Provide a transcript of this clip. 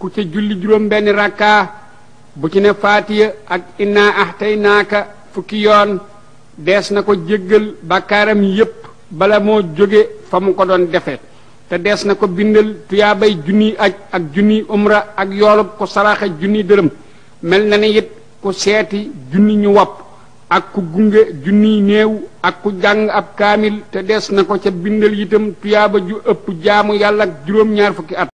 ku ca julli juróom benn rakkaa bu ci ne faatiya ak innaa ahtaynaaka fukki yoon dees na ko jéggal bàkkaaram yépp bala moo jóge fa mu ko doon defe te dees na ko bindal tuyaabay junni aj ak junniy umra ak yoolub ku saraxa junniy dërëm mel na ni it ku seeti junni ñu wopp ak ku gunge junniy néew ak ku jàng ab kaamil te dees na ko ca bindal itam tuyaaba ju ëpp jaamu yàlla ak juróom-ñaar fukki at